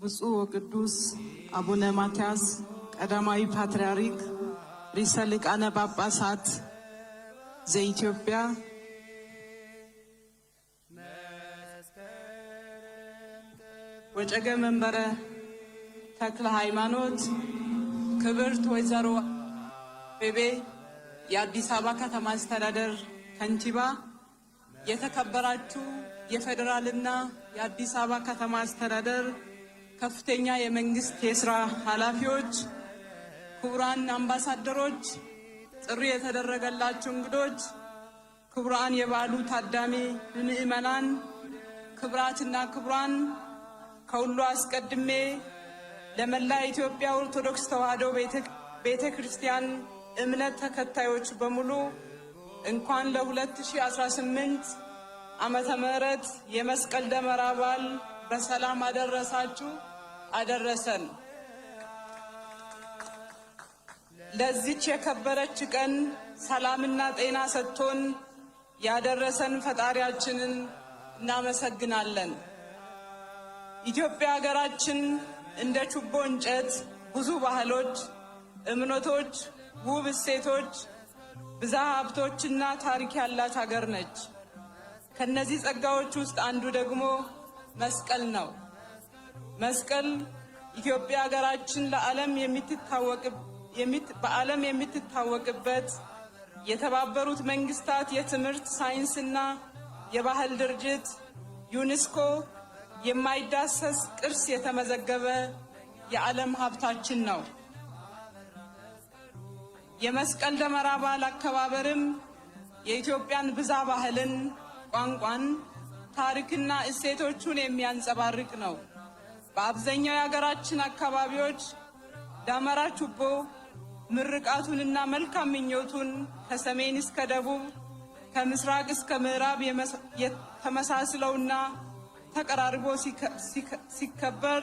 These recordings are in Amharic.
ብፁዕ ወቅዱስ አቡነ ማትያስ ቀዳማዊ ፓትርያርክ ርዕሰ ሊቃነ ጳጳሳት ዘኢትዮጵያ፣ ወጨገ መንበረ ተክለ ሃይማኖት፣ ክብርት ወይዘሮ ቤቤ የአዲስ አበባ ከተማ አስተዳደር ከንቲባ፣ የተከበራችሁ የፌዴራልና የአዲስ አበባ ከተማ አስተዳደር ከፍተኛ የመንግስት የስራ ኃላፊዎች፣ ክቡራን አምባሳደሮች፣ ጥሪ የተደረገላቸው እንግዶች፣ ክቡራን የበዓሉ ታዳሚ ምዕመናን፣ ክቡራትና ክቡራን ከሁሉ አስቀድሜ ለመላ ኢትዮጵያ ኦርቶዶክስ ተዋሕዶ ቤተ ክርስቲያን እምነት ተከታዮች በሙሉ እንኳን ለ2018 ዓመተ ምሕረት የመስቀል ደመራ በዓል በሰላም አደረሳችሁ አደረሰን። ለዚች የከበረች ቀን ሰላምና ጤና ሰጥቶን ያደረሰን ፈጣሪያችንን እናመሰግናለን። ኢትዮጵያ ሀገራችን እንደ ችቦ እንጨት ብዙ ባህሎች፣ እምነቶች፣ ውብ እሴቶች፣ ብዛ ሀብቶችና ታሪክ ያላት ሀገር ነች። ከነዚህ ጸጋዎች ውስጥ አንዱ ደግሞ መስቀል ነው። መስቀል ኢትዮጵያ ሀገራችን ለዓለም በዓለም የምትታወቅበት የተባበሩት መንግስታት የትምህርት ሳይንስና የባህል ድርጅት ዩኒስኮ የማይዳሰስ ቅርስ የተመዘገበ የዓለም ሀብታችን ነው። የመስቀል ደመራ በዓል አከባበርም የኢትዮጵያን ብዛ ባህልን፣ ቋንቋን ታሪክና እሴቶቹን የሚያንጸባርቅ ነው። በአብዛኛው የሀገራችን አካባቢዎች ደመራ ችቦ ምርቃቱንና መልካም ምኞቱን ከሰሜን እስከ ደቡብ ከምስራቅ እስከ ምዕራብ የተመሳስለውና ተቀራርቦ ሲከበር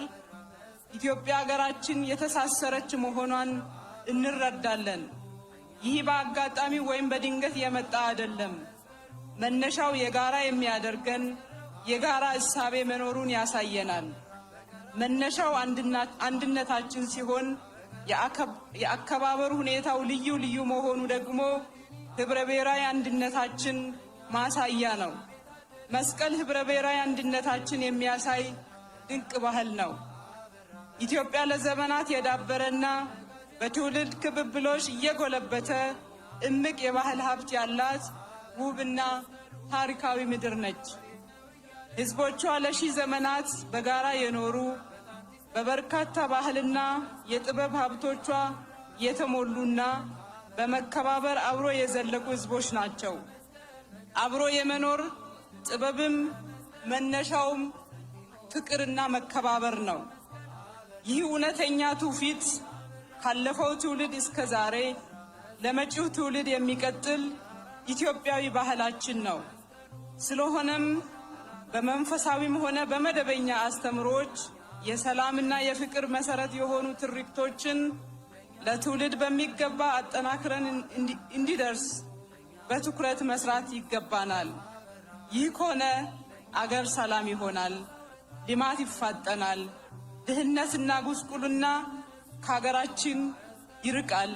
ኢትዮጵያ ሀገራችን የተሳሰረች መሆኗን እንረዳለን። ይህ በአጋጣሚ ወይም በድንገት የመጣ አይደለም። መነሻው የጋራ የሚያደርገን የጋራ እሳቤ መኖሩን ያሳየናል። መነሻው አንድነታችን ሲሆን የአከባበር ሁኔታው ልዩ ልዩ መሆኑ ደግሞ ህብረ ብሔራዊ አንድነታችን ማሳያ ነው። መስቀል ህብረ ብሔራዊ አንድነታችን የሚያሳይ ድንቅ ባህል ነው። ኢትዮጵያ ለዘመናት የዳበረና በትውልድ ክብብሎች እየጎለበተ እምቅ የባህል ሀብት ያላት ውብና ታሪካዊ ምድር ነች። ሕዝቦቿ ለሺህ ዘመናት በጋራ የኖሩ በበርካታ ባህልና የጥበብ ሀብቶቿ የተሞሉና በመከባበር አብሮ የዘለቁ ሕዝቦች ናቸው። አብሮ የመኖር ጥበብም መነሻውም ፍቅርና መከባበር ነው። ይህ እውነተኛ ትውፊት ካለፈው ትውልድ እስከ ዛሬ ለመጪው ትውልድ የሚቀጥል ኢትዮጵያዊ ባህላችን ነው። ስለሆነም በመንፈሳዊም ሆነ በመደበኛ አስተምሮች የሰላምና የፍቅር መሰረት የሆኑ ትርክቶችን ለትውልድ በሚገባ አጠናክረን እንዲደርስ በትኩረት መስራት ይገባናል። ይህ ከሆነ አገር ሰላም ይሆናል፣ ልማት ይፋጠናል፣ ድህነትና ጉስቁልና ከሀገራችን ይርቃል።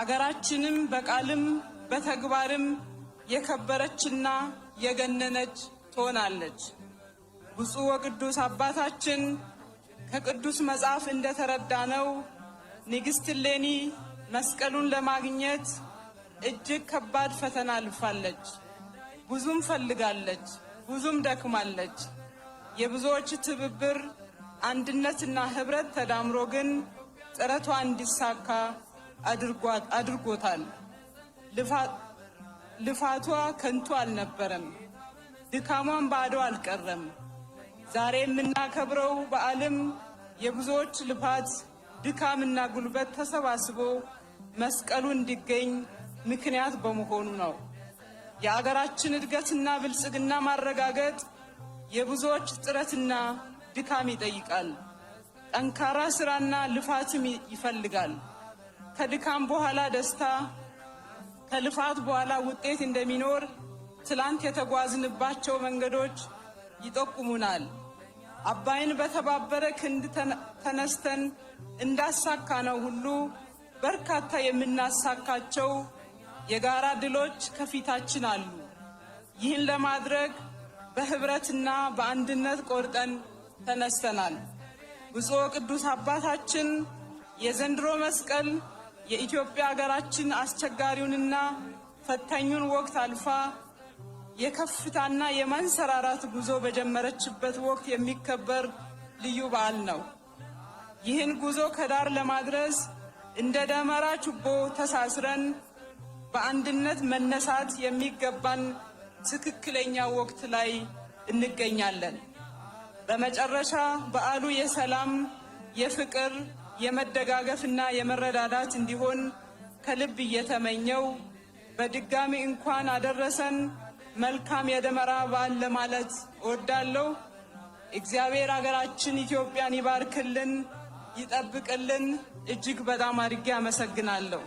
አገራችንም በቃልም በተግባርም የከበረችና የገነነች ትሆናለች። ብፁዕ ወቅዱስ አባታችን ከቅዱስ መጽሐፍ እንደተረዳነው ንግሥት እሌኒ መስቀሉን ለማግኘት እጅግ ከባድ ፈተና አልፋለች። ብዙም ፈልጋለች፣ ብዙም ደክማለች። የብዙዎች ትብብር አንድነትና ህብረት ተዳምሮ ግን ጥረቷ እንዲሳካ አድርጎታል። ልፋቷ ከንቱ አልነበረም፣ ድካሟን ባዶ አልቀረም። ዛሬ የምናከብረው በዓልም የብዙዎች ልፋት ድካምና ጉልበት ተሰባስቦ መስቀሉ እንዲገኝ ምክንያት በመሆኑ ነው። የአገራችን እድገትና ብልጽግና ማረጋገጥ የብዙዎች ጥረትና ድካም ይጠይቃል። ጠንካራ ስራና ልፋትም ይፈልጋል። ከድካም በኋላ ደስታ ከልፋት በኋላ ውጤት እንደሚኖር ትላንት የተጓዝንባቸው መንገዶች ይጠቁሙናል። አባይን በተባበረ ክንድ ተነስተን እንዳሳካ ነው ሁሉ በርካታ የምናሳካቸው የጋራ ድሎች ከፊታችን አሉ። ይህን ለማድረግ በህብረትና በአንድነት ቆርጠን ተነስተናል። ብፁዕ ቅዱስ አባታችን የዘንድሮ መስቀል የኢትዮጵያ ሀገራችን አስቸጋሪውንና ፈታኙን ወቅት አልፋ የከፍታና የማንሰራራት ጉዞ በጀመረችበት ወቅት የሚከበር ልዩ በዓል ነው። ይህን ጉዞ ከዳር ለማድረስ እንደ ደመራ ችቦ ተሳስረን በአንድነት መነሳት የሚገባን ትክክለኛ ወቅት ላይ እንገኛለን። በመጨረሻ በዓሉ የሰላም፣ የፍቅር የመደጋገፍና የመረዳዳት እንዲሆን ከልብ እየተመኘው በድጋሚ እንኳን አደረሰን መልካም የደመራ በዓል ለማለት እወዳለሁ። እግዚአብሔር አገራችን ኢትዮጵያን ይባርክልን፣ ይጠብቅልን። እጅግ በጣም አድርጌ አመሰግናለሁ።